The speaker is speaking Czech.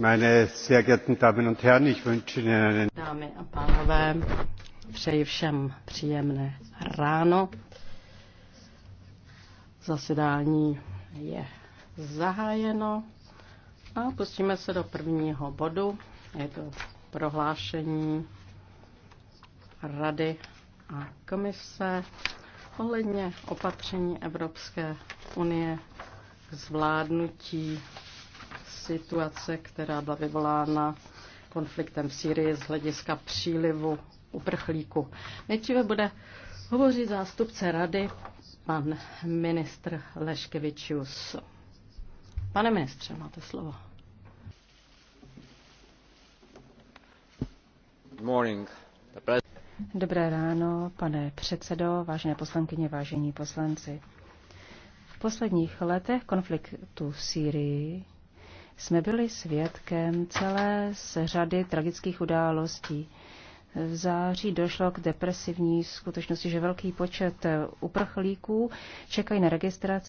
Meine sehr geehrten Damen und Herren, ich wünsche Ihnen einen... Dámy a pánové, přeji všem příjemné ráno. Zasedání je zahájeno a pustíme se do prvního bodu. Je to prohlášení Rady a komise ohledně opatření Evropské unie k zvládnutí situace, která byla vyvolána konfliktem v Sýrii z hlediska přílivu uprchlíků. Nejdříve bude hovořit zástupce rady pan ministr Leškevičius. Pane ministře, máte slovo. Dobré ráno, pane předsedo, vážené poslankyně, vážení poslanci. V posledních letech konfliktu v Sýrii jsme byli svědkem celé z řady tragických událostí. V září došlo k depresivní skutečnosti, že velký počet uprchlíků čekají na registraci.